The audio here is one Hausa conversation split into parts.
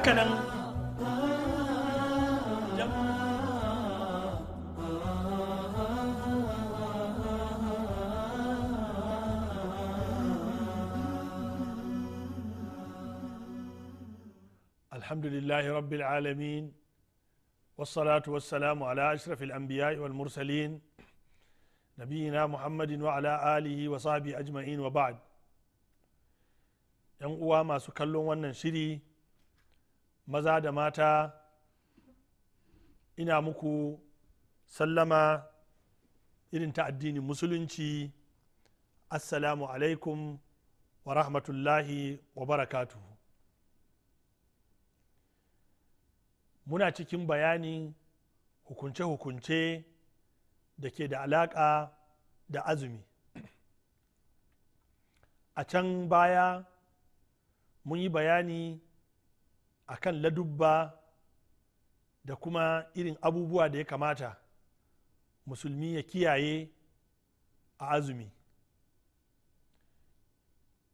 haka nan الحمد لله رب العالمين والصلاة والسلام على أشرف الأنبياء والمرسلين نبينا محمد وعلى آله وصحبه أجمعين وبعد ‘yan ما سكلون ونن شري maza da mata ina muku sallama irin ta addinin musulunci assalamu alaikum wa rahmatullahi wa barakatu. muna cikin bayani hukunce-hukunce da ke da alaƙa da azumi a can baya mun yi bayani a kan ladubba da kuma irin abubuwa da ya kamata musulmi ya kiyaye a azumi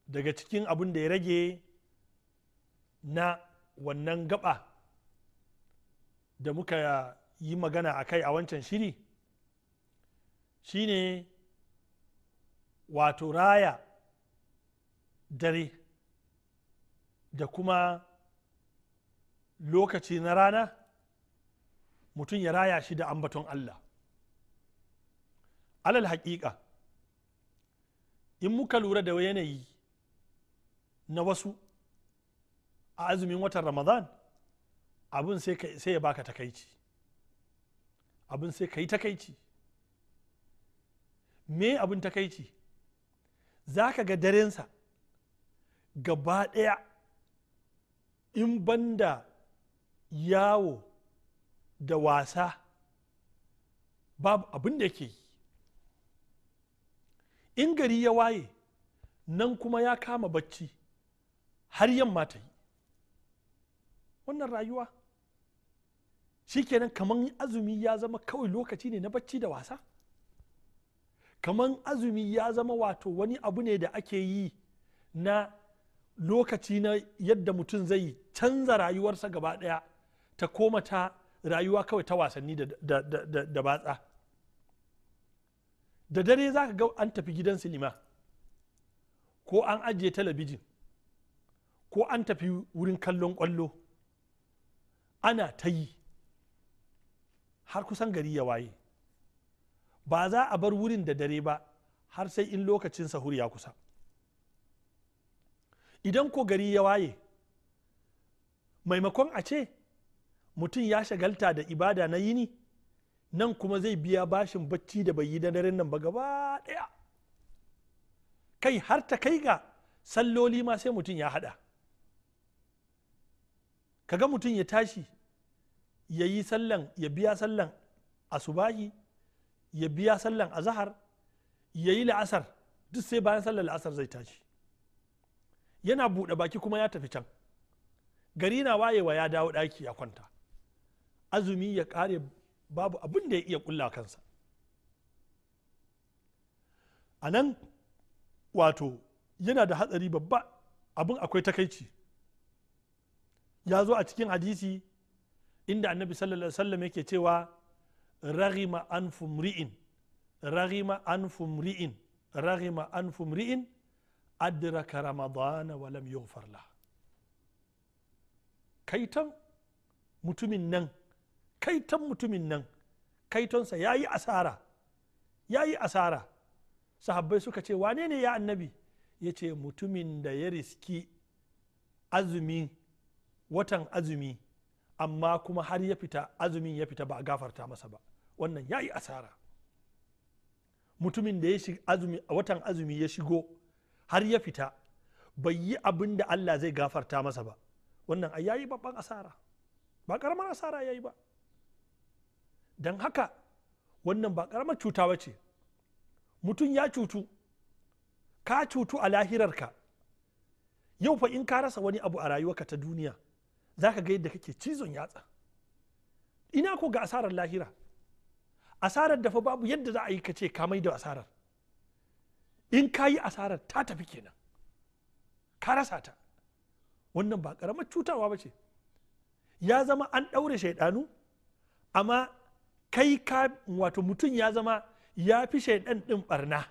daga cikin abin da ya rage na wannan gaba da muka yi magana a kai a wancan shiri shine wato raya dare da kuma lokaci na rana mutum ya raya shi da ambaton allah alal haƙiƙa in muka lura da yanayi na wasu a azumin watan ramadan abin sai ya baka takaici abin sai ka yi takaici me abin takaici za ka ga darensa gaba ɗaya in banda yawo da wasa babu abin da yake yi in gari ya waye nan kuma ya kama bacci har yamma ta yi wannan rayuwa shikenan kamar azumi ya zama kawai lokaci ne na bacci da wasa kamar azumi ya zama wato wani abu ne da ake yi na lokaci na yadda mutum zai canza rayuwarsa gaba ɗaya ta koma ta rayuwa kawai ta wasanni da batsa da dare za ka ga an tafi gidan silima ko an ajiye talabijin ko an tafi wurin kallon kwallo ana ta yi har kusan gari ya waye ba za a bar wurin da dare ba har sai in lokacin sahur ya kusa idan ko gari ya waye maimakon a ce mutum ya shagalta da ibada na yini nan kuma zai biya bashin bacci da bai yi da daren nan ba gaba ɗaya kai har ta kai ga salloli ma sai mutum ya haɗa kaga mutum ya tashi ya yi sallan ya biya sallan a asubahi ya biya sallan a zahar, ya yi la'asar duk sai bayan sallar la'asar zai tashi yana buɗe baki kuma ya tafi can gari na wayewa ya dawo ɗaki ya kwanta azumi ya kare babu abin da ya iya kulla kansa a nan wato yana da hatsari babba abin akwai takaici ya zo a cikin hadisi inda annabi sallallahu alaihi wasallam yake cewa raghima an fumri'in raghima an fumri'in raghima an fumri'in adraka ramadana wa lam yughfar kaitan mutumin nan kaiton mutumin nan kaitonsa ya yi asara ya yi asara sahabbai suka ce wane ne ya annabi ya ce mutumin da ya riski azumi watan azumi amma kuma har ya fita azumin ya fita ba a gafarta masa ba wannan ya yi asara mutumin da ya azumi watan azumi ya shigo har ya fita bai yi abin da allah zai gafarta masa ba wannan a yayi babban asara ba karamar asara yayi ba don haka wannan ba karamar cuta ba ce mutum ya cutu ka cutu a lahirarka yau fa in ka rasa wani abu a rayuwarka ta duniya za ka ga yadda kake cizon yatsa ina ko ga asarar lahira asarar da fa babu yadda za a yi ka ce ka mai da asarar in ka yi asarar ta tafi kenan ka rasa ta wannan ba karamar cutawa ba ce ya zama an ɗaure shaidanu amma kai ka wato mutum ya zama ya fi shaidan din barna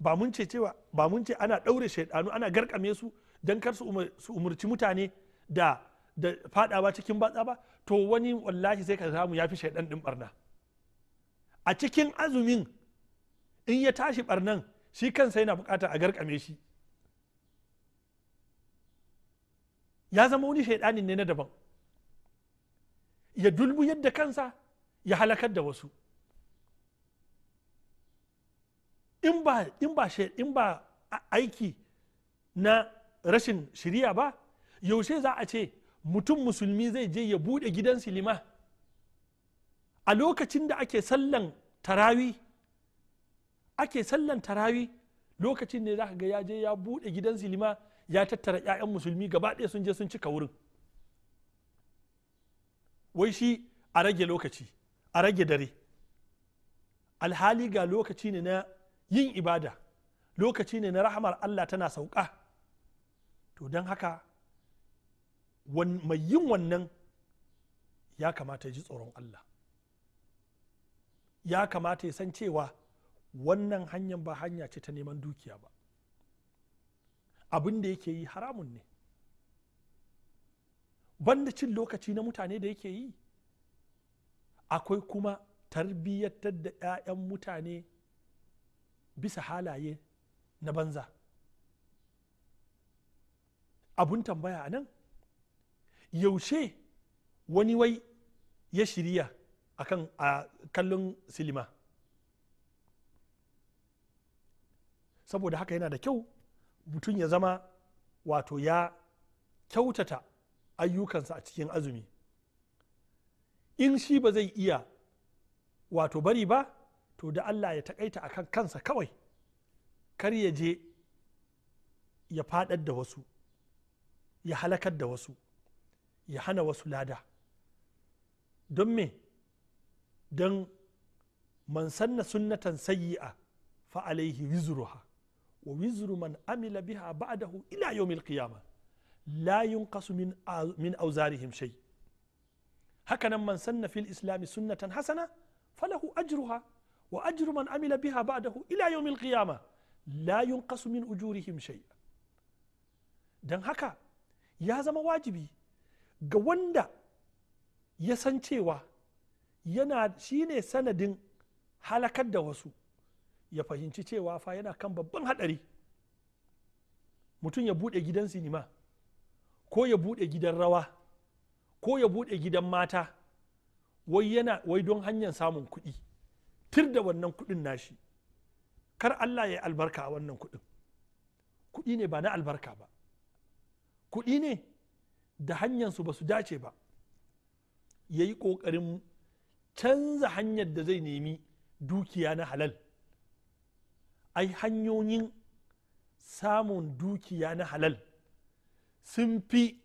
ba mun ce cewa ba mun ce ana ɗaure shaidanu ana garkame su don kar su umarci mutane da da fadawa cikin batsa ba to wani wallahi sai ka samu ya fi shaidan din barna a cikin azumin in ya tashi barnan shi kansa yana bukata a garkame shi ya zama wani shaidanin ne na daban ya dulbu yadda kansa ya halakar da wasu in ba in ba in ba aiki na rashin shiriya ba yaushe za a ce mutum musulmi zai je ya bude gidan silima a lokacin da ake sallan tarawi ake sallan tarawi lokacin ne za ka ga ya je ya bude gidan silima ya tattara 'ya'yan musulmi gaba ɗaya sun je sun cika wurin wai shi a rage lokaci a rage dare alhali ga lokaci ne na yin ibada lokaci ne na rahamar allah tana sauka to don haka mai yin wannan ya kamata ya ji tsoron allah ya kamata ya san cewa wannan hanyar ba hanya ce ta neman dukiya ba abin da yake yi haramun ne banda cin lokaci na mutane da yake yi akwai kuma tarbiyyatar da 'ya'yan mutane bisa halaye na banza abun tambaya a nan yaushe wani wai ya shirya akan a kallon silima saboda haka yana da kyau mutum ya zama wato ya kyautata ayyukansa a cikin azumi in shi ba zai iya wato bari ba to da allah ya takaita a kan kansa kawai kar ya je ya fadar da wasu ya halakar da wasu ya hana wasu lada don me don man sanna sunnatan sayyi'a fa alaihi wizruha wa wizru man amila biha ba'dahu ila yawmil qiyamah Layun yunqasu min min awzarihim haka nan man sanna fil islami sunnatan hasana falahu ajruha wa ajru man amila biha ba'dahu ila yawmil qiyamah la yunqasu min ujurihim shay dan haka ya zama wajibi ga wanda ya san cewa yana shine sanadin halakar da wasu ya fahimci cewa fa yana kan babban hadari mutum ya bude gidan sinima ko ya buɗe gidan rawa ko ya buɗe gidan mata wai yana wai don hanyar samun kuɗi tir da wannan kuɗin nashi kar Allah ya yi albarka a wannan kuɗin kuɗi ne ba na albarka ba kuɗi ne da hanyarsu ba su dace ba ya yi ƙoƙarin canza hanyar da zai nemi dukiya na halal ai hanyoyin samun dukiya na halal sun fi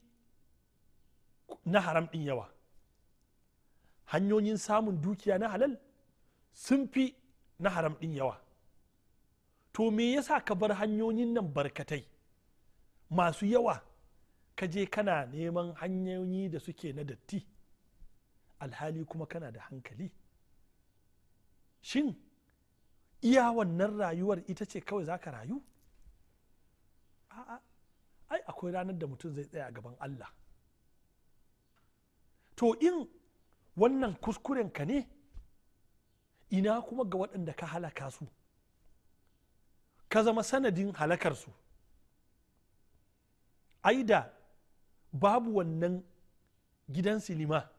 na haram ɗin yawa hanyoyin samun dukiya na halal sun fi na haram ɗin yawa to me yasa ka bar hanyoyin nan barkatai masu yawa ka je kana neman hanyoyi da suke na datti alhali kuma kana da hankali shin iya wannan rayuwar ita ce kawai za ka rayu ai akwai ranar da mutum zai tsaya gaban Allah to in wannan kuskuren ka ne ina kuma ga waɗanda ka halaka su ka zama sanadin halakarsu ai da babu wannan gidan silima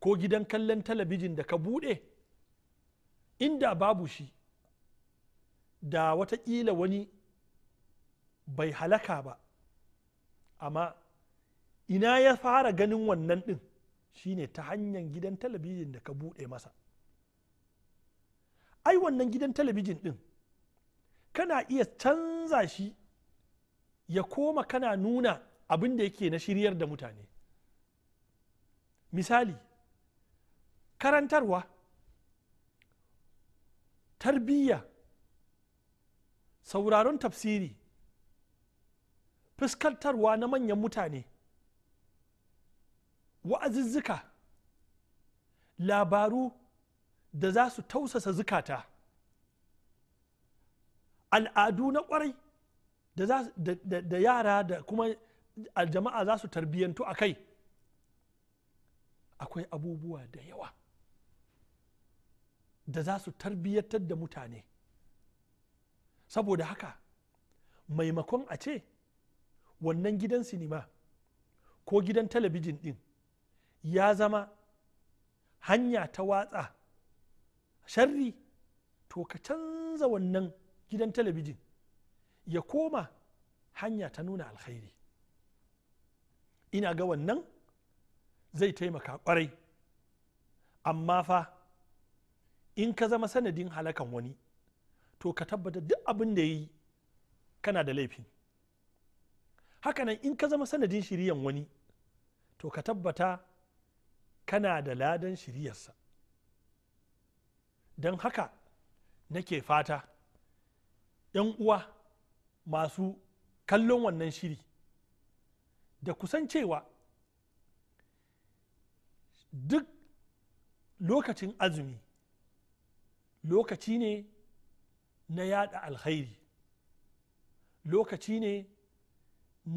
ko gidan kallon talabijin da ka buɗe inda babu shi da watakila wani bai halaka ba amma ina ya fara ganin wannan ɗin shine ta hanyar gidan talabijin da ka buɗe masa ai wannan gidan talabijin din kana iya canza shi ya koma kana nuna abin da yake na shiryar da mutane misali karantarwa tarbiyya sauraron tafsiri fuskantarwa na manyan mutane wa'azizzuka labaru da za su tausasa zukata al'adu na kwarai da yara da kuma aljama'a za su tarbiyyantu a kai akwai abubuwa da yawa da za su tarbiyyantar da mutane saboda haka maimakon a ce wannan gidan sinima ko gidan talabijin din ya zama hanya ta watsa sharri to ka canza wannan gidan talabijin ya koma hanya ta nuna alkhairi ina ga wannan zai taimaka kwarai amma fa in ka zama sanadin halakan wani to ka tabbata duk abin da ya yi kana da laifin hakanan in ka zama sanadin shiriyan wani to ka tabbata kana da ladan shiriyarsa don haka nake fata yan uwa masu kallon wannan shiri da kusan cewa duk lokacin azumi lokaci ne na yada alkhairi lokaci ne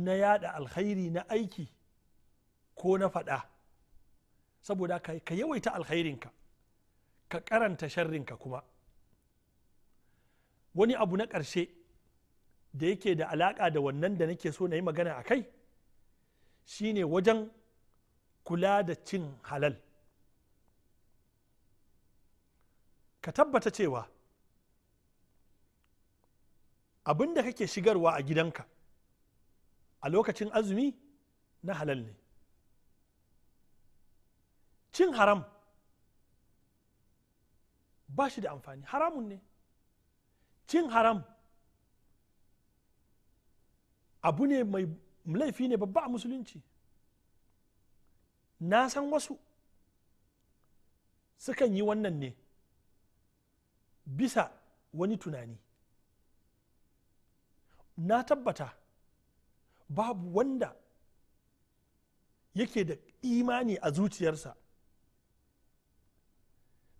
na yada alkhairi na aiki ko na fada saboda ka yawaita alkhairinka ka karanta sharrinka kuma wani abu na ƙarshe da yake da alaƙa da wannan da nake so na yi magana a kai shine wajen kula da cin halal ka tabbata cewa abinda kake shigarwa a gidanka a lokacin azumi na halal ne cin haram ba shi da amfani haramun ne cin haram abu ne mai laifi ne babba a musulunci na san wasu sukan yi wannan ne bisa wani tunani na tabbata babu wanda yake da imani a zuciyarsa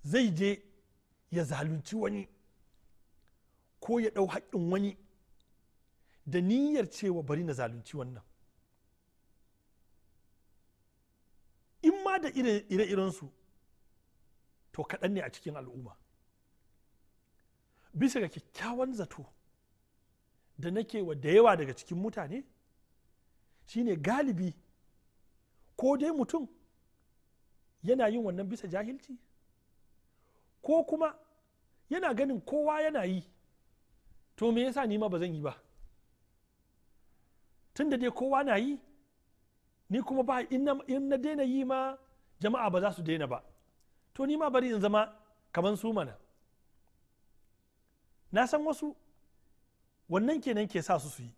zai je ya zalunci wani ko ya ɗau haƙƙin wani da niyyar cewa bari na zalunci wannan in ma da ire-irensu to kaɗan ne a cikin al'umma bisa ga kyakkyawan zato da nake wa da yawa daga cikin mutane shine galibi ko dai mutum yana yin wannan bisa jahilci ko kuma yana ganin kowa yana yi to me yasa ni ma ba zan yi ba tun da dai kowa na yi ni kuma ba in na daina yi ma jama'a ba za su daina ba to ni ma bari in zama kamar su mana na san wasu wannan kenan ke sa su su yi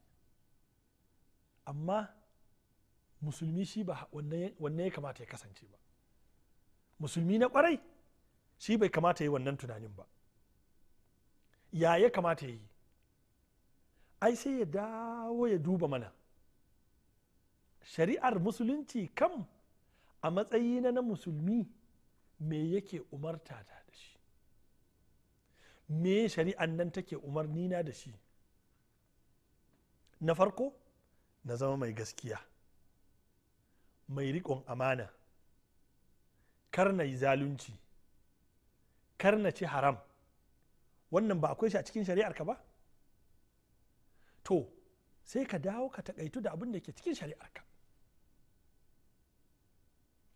amma musulmi shi ba wanne ya kamata ya kasance ba musulmi na kwarai shi bai kamata ya yi wannan tunanin ba ya ya kamata ya yi ai sai ya dawo ya duba mana shari'ar musulunci kam a matsayi na na musulmi me yake umarta ta da shi me shari'an nan take umarnina da shi na farko na zama mai gaskiya mai riƙon amana kar na yi zalunci kar na ci haram wannan ba akwai shi a cikin shari'arka ba to sai ka dawo ka taƙaitu da abin da ke cikin shari'arka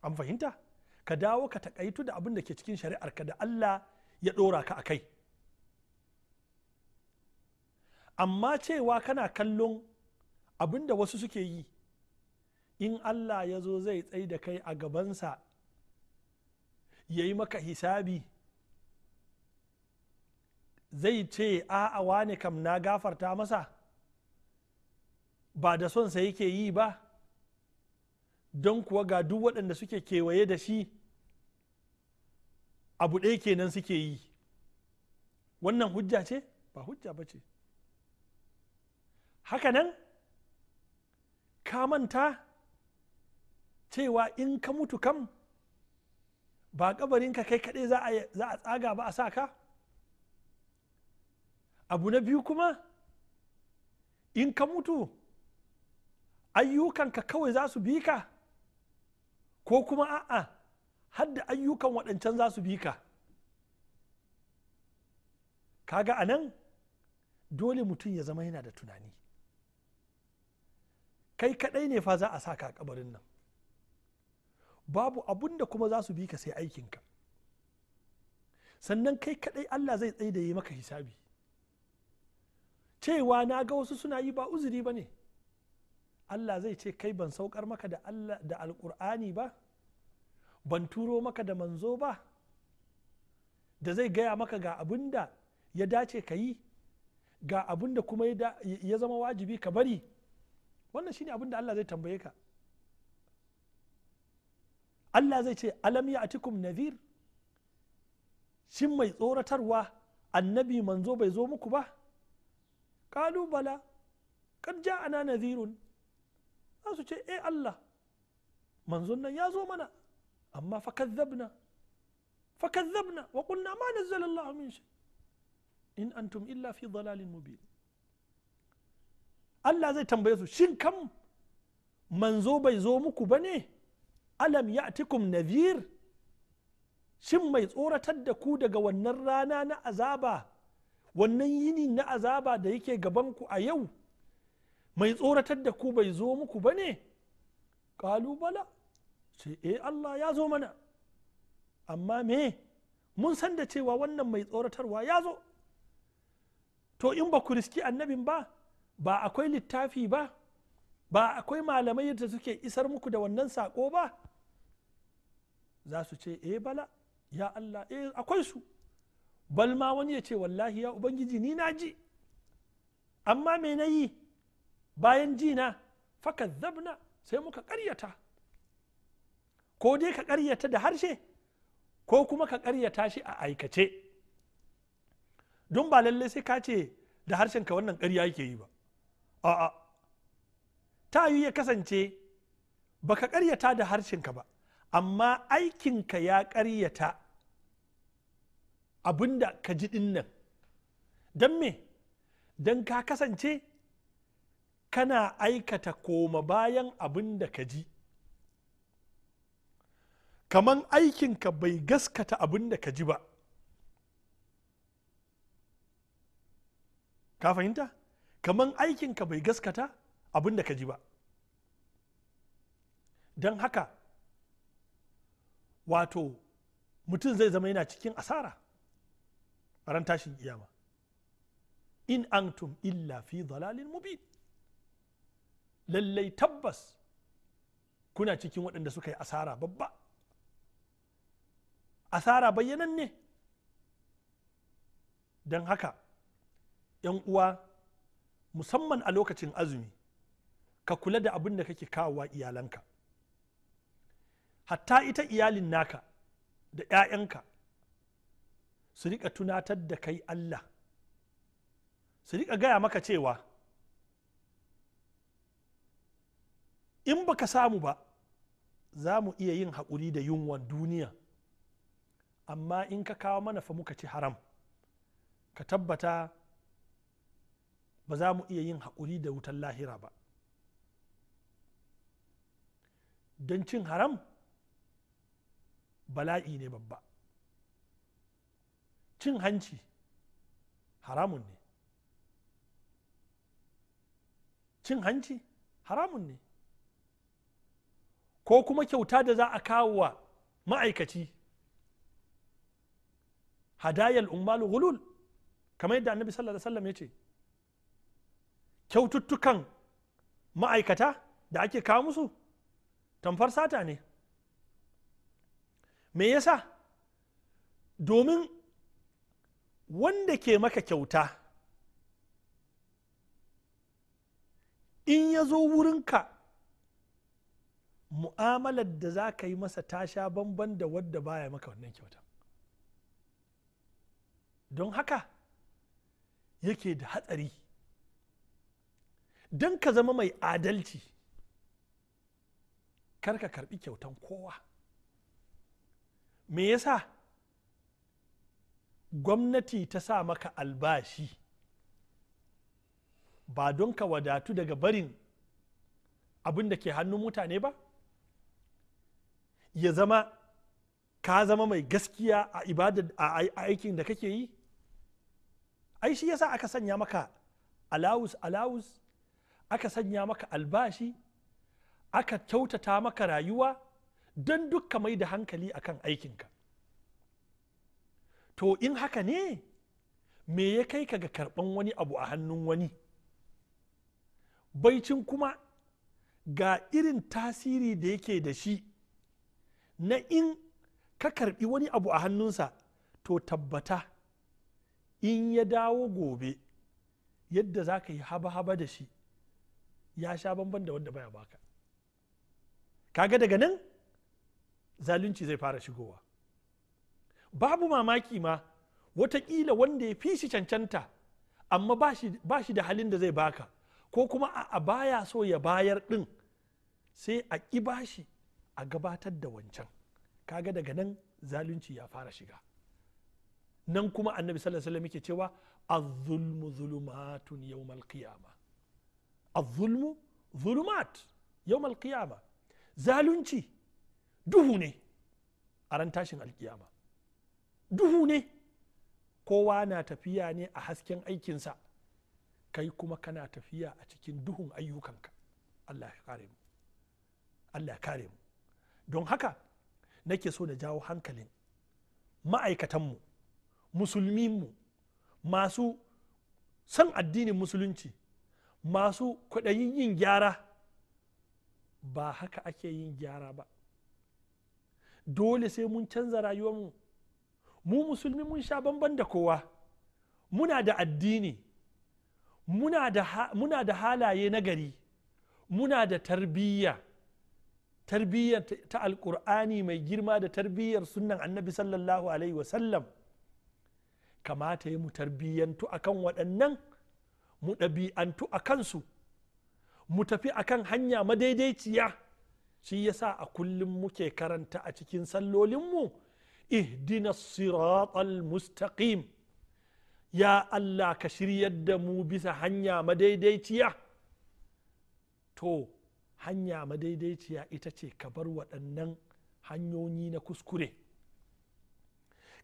an fahimta ka dawo ka taƙaitu da abin da ke cikin shari'arka da allah ya ɗora ka a kai amma cewa kana kallon abinda wasu suke yi in allah ya zo zai tsaye da kai a gabansa ya yi maka hisabi zai ce a'a wane kam na gafarta masa ba da sonsa yake yi ba don kuwa ga duk waɗanda suke kewaye da shi abu ɗaya kenan suke yi wannan hujja ce ba hujja ba ce hakanan ka manta cewa in ka mutu kam ba kabarinka kai kaɗai za a tsaga ba a sa ka abu na biyu kuma in ka mutu ayyukanka kawai za su bi ka ko kuma a'a hadda ayyukan waɗancan za su bi ka kaga a nan dole mutum ya zama yana da tunani kai kadai ne fa za a sa ka kabarin nan babu abun da kuma za su bi ka sai aikin ka. sannan kai kadai allah zai tsaye da yi maka hisabi cewa na ga wasu suna yi ba uzuri ba ne allah zai ce kai ban saukar maka da allah da alkur'ani ba ban turo maka da manzo ba da zai gaya maka ga abinda ya dace ka yi ga abin da kuma ya zama wajibi ka bari wannan shine abin da Allah zai tambaye ka Allah zai ce alam ya atikum nadhir shin mai tsoratarwa annabi manzo bai zo muku ba kalu bala kad ja'ana nadhirun za su ce eh Allah manzon nan ya zo mana amma fa kazzabna fa kazzabna wa qulna ma nazzala Allah min shay in antum illa fi dalalin mubin allah zai tambaye su shin kam manzo bai zo muku ba ne alam ya'tikum nadhir shin mai tsoratar da ku daga wannan rana na azaba wannan yini na azaba da yake gabanku a yau mai tsoratar da ku bai zo muku ba ne bala sai eh, allah ya zo mana amma me mun san da cewa wannan mai tsoratarwa ya zo to in ba ku riski annabin ba ba akwai littafi ba ba akwai malamai da suke isar muku da wannan sako ba za su ce eh bala ya allah eh akwai su Balma wani ya ce wallahi ya ubangiji ni na ji amma me na yi bayan ji na zabna sai muka karyata ko dai ka karyata da harshe ko kuma ka karyata shi a aikace don ba lallai sai ka ce da harshenka wannan karya yake yi ba a'a ta yi ya kasance baka karyata da harshenka ba amma aikinka ya karyata abinda ka ji dinnan don me don ka kasance kana aikata koma bayan abin da ka ji kaman aikinka bai gaskata abin da ka ji ba ka fahimta kaman aikinka bai gaskata abin da ka ji ba don haka wato mutum zai zama yana cikin asara ran tashin kiyama in antum illa fi dalalin mubin lallai tabbas kuna cikin waɗanda suka yi asara babba asara bayyanan ne don haka 'yan uwa musamman a lokacin azumi ka kula da abin da kake kawowa iyalanka hatta ita iyalin naka da 'ya'yanka su rika tunatar da kai allah su rika gaya maka cewa in baka samu ba za mu iya yin haƙuri da yunwan duniya amma in ka kawo mana fa muka ci haram ka tabbata ba za mu iya yin haƙuri da wutar lahira ba don cin haram bala'i ne babba cin hanci haramun ne cin hanci haramun ne ko kuma kyauta da za a kawo wa ma'aikaci hadayal ummal gulul kamar yadda annabi sallallahu alaihi wasallam ya ce kyaututtukan ma'aikata da ake kawo musu tamfar sata ne me yasa domin wanda ke maka kyauta in ya zo wurinka mu'amalar da za ka yi masa tasha bamban da wadda baya maka wannan kyauta don haka yake da hatsari don ka zama mai adalci karka ka karbi kyautan kowa me yasa gwamnati ta sa maka albashi ba don ka wadatu daga barin abin da ke hannun mutane ba ya zama ka zama mai gaskiya a ibada a aikin da kake yi ai shi yasa aka sanya maka alawus alawus aka sanya maka albashi aka kyautata maka rayuwa don dukka mai da hankali a akan aikinka to in haka ne me ya kai ka ga karɓan wani abu a hannun wani baicin kuma ga irin tasiri da yake da shi na in ka karɓi wani abu a hannunsa to tabbata in ya dawo gobe yadda za ka yi haba-haba da shi ya sha bamban da wanda baya baka kaga daga nan zalunci zai fara shigowa babu mamaki ma watakila wanda ya fi shi cancanta amma ba shi da halin da zai baka ko kuma a baya so ya bayar ɗin sai a ƙi bashi a gabatar da wancan kaga daga nan zalunci ya fara shiga nan kuma annabi sallallahu alaihi wasallam yake cewa az-zulmu zulumatun yawmal qiyamah az zulumat yawmal qiyama zalunci duhu ne a ran tashin alkiyama duhu ne kowa na tafiya ne a hasken aikinsa kai kuma kana tafiya a cikin duhun ayyukanka allah ya kare mu allah ya kare mu don haka nake so na jawo hankalin ma'aikatanmu musulminmu masu san addinin musulunci masu kwaɗayin yin gyara ba haka ake yin gyara ba dole sai mun canza rayuwarmu mu musulmi mun sha bamban da kowa muna da addini muna da, halaye na gari muna da tarbiyya tarbiyyar ta alkur'ani mai girma da tarbiyyar sunnan annabi sallallahu alaihi wasallam kamata yi mu tarbiyyantu akan waɗannan mu ɗabi'antu a kansu mu tafi a kan hanya madaidaiciya shi ya sa a kullum muke karanta a cikin sallolinmu ihdina siratal mustaqim ya allah ka shiryar da mu bisa hanya madaidaiciya to hanya madaidaiciya ita ce ka bar waɗannan hanyoyi na kuskure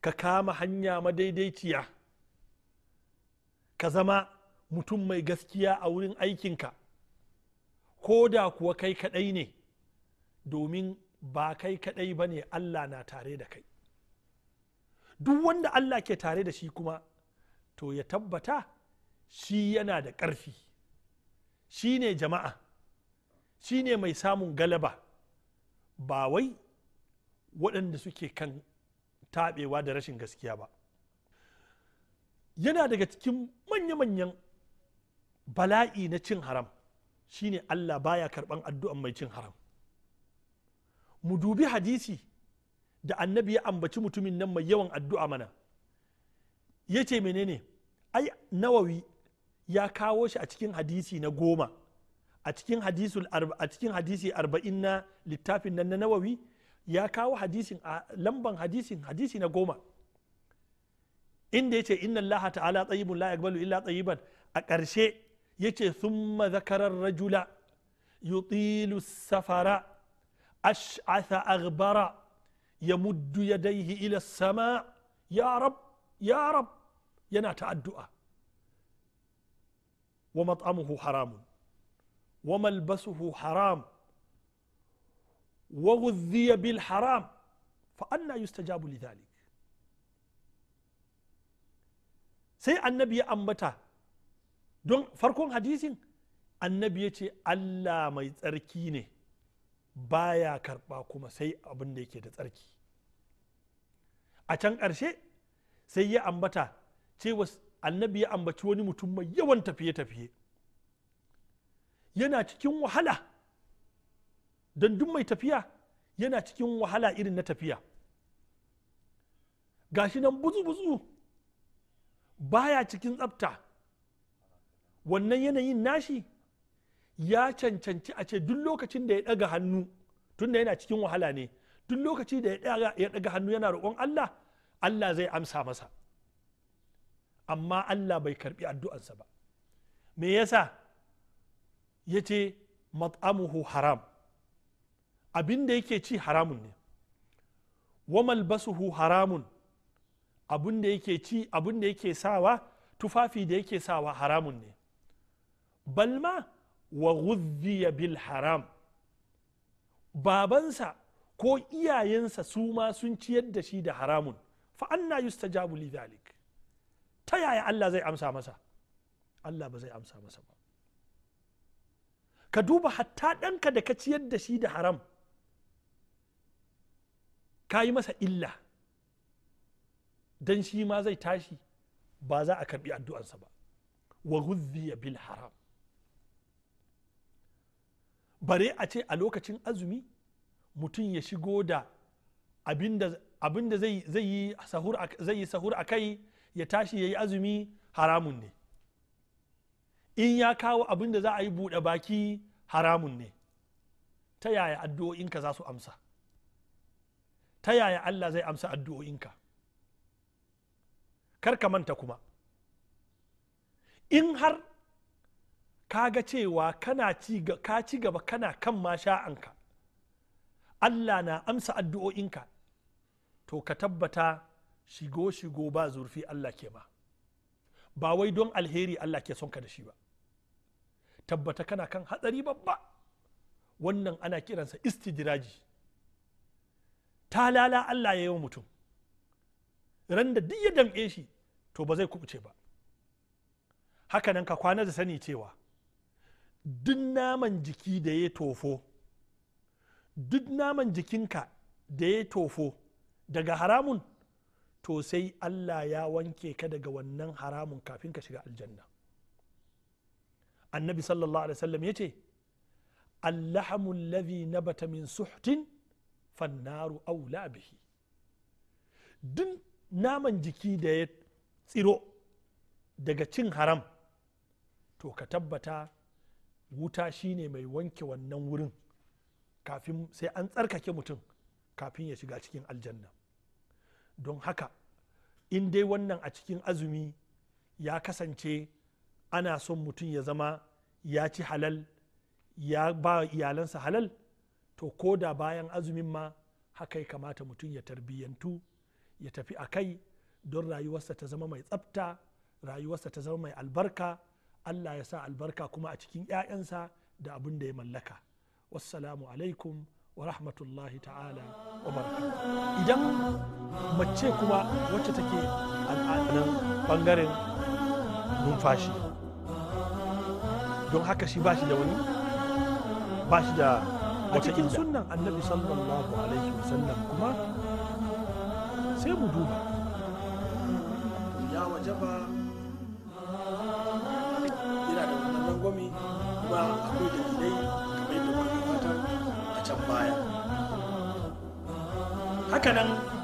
ka kama hanya madaidaiciya ka zama mutum mai gaskiya a wurin aikinka ko da kuwa kai kaɗai ne domin ba kai kaɗai ba ne allah na tare da kai duk wanda allah ke tare da shi kuma to ya tabbata shi yana da ƙarfi shi ne jama'a shi ne mai samun galaba ba wai waɗanda suke kan taɓewa da rashin gaskiya ba yana daga cikin manya-manyan bala'i na cin haram shine Allah baya karban addu'an mai cin haram mu dubi hadisi da annabi ya ambaci mutumin nan mai yawan addu'a mana ya ce menene ai nawawi ya kawo shi a cikin hadisi na goma a cikin a cikin hadisi arba'in na littafin nan na nawawi ya kawo hadisin a lamban hadisin hadisi na goma inda ya ce inna allaha ta'ala tsayibun la yaqbalu illa tsayiban a ƙarshe يجي ثم ذكر الرجل يطيل السفر أشعث أغبر يمد يديه إلى السماء يا رب يا رب ينات الدعاء ومطعمه حرام وملبسه حرام وغذي بالحرام فأنا يستجاب لذلك سي النبي أنبته don farkon hadisin annabi ya ce allah mai tsarki ne baya karba kuma sai abin da yake da tsarki a can ƙarshe sai ya ambata cewa annabi ya ambaci wani mutum mai yawan tafiye-tafiye yana cikin wahala don duk mai tafiya yana cikin wahala irin na tafiya gashi nan buzu-buzu baya cikin tsabta wannan yanayin nashi ya cancanci a ce duk lokacin da ya ɗaga hannu tunda yana cikin wahala ne duk lokacin da ya ɗaga hannu yana roƙon Allah Allah zai amsa masa amma Allah bai karbi addu'arsa ba me yasa ya ce mat'amuhu haram abin da yake ci haramun ne wa malbasuhu haramun abin da yake ci abin da yake sawa tufafi da yake sawa haramun ne balma wa ghuzziya bil haram babansa ko iyayensa su ma sun ciyar da shi da haramun fa anna yustajabu li dhalik ta yaya Allah zai amsa masa Allah ba zai amsa masa ba ka duba hatta ɗanka da ka ciyar da shi da haram ka yi masa illa don shi ma zai tashi ba za a karbi addu'ansa ba wa bil haram bare a ce a lokacin azumi mutum ya shigo da abin da zai yi sahur a kai ya tashi ya yi azumi haramun ne in ya kawo abin da za a yi buɗe baki haramun ne ta yaya addu'o'inka za su amsa ta yaya allah zai amsa addu'o'inka kar ka manta kuma in har ka ga cewa ka ci gaba kana kan ma sha'anka allah na amsa addu'o'inka to ka tabbata shigo shigo ba zurfi allah ke ba ba wai don alheri allah ke son ka da shi ba tabbata kana kan hatsari babba wannan ana kiransa Ta lala allah ya yi wa mutum ran da duk ya damƙe shi to ba zai kubuce ba haka nan ka kwana da sani cewa duk naman jiki da ya tofo duk naman jikinka da ya tofo daga haramun to sai allah ya wanke ka daga wannan haramun kafin ka shiga aljanna annabi sallallahu alaihi wasallam ya ce allahamun lazi na min suhtin fannaru aula bihi duk naman jiki da ya tsiro daga cin haram to ka tabbata wuta shine mai wanke wannan wurin kafin sai an tsarkake mutum kafin ya shiga cikin aljanna don haka in dai wannan a cikin azumi ya kasance ana son mutum ya zama ya ci halal ya ba iyalansa halal to ko da bayan azumin ma haka ya kamata mutum ya tarbiyyantu ya tafi a kai don rayuwarsa ta zama mai tsabta rayuwarsa ta zama mai albarka allah ya sa albarka kuma a cikin 'ya'yansa da abin da ya mallaka wassalamu alaikum wa rahmatullahi ta'ala wa idan mace kuma wacce take al'adunan bangaren numfashi don haka shi bashi da wani bashi da wata cikin sunan annabi sallallahu alaihi wasallam kuma sai mu duba ya wajaba ba akwai dalilai kamar yadda muka a can baya hakanan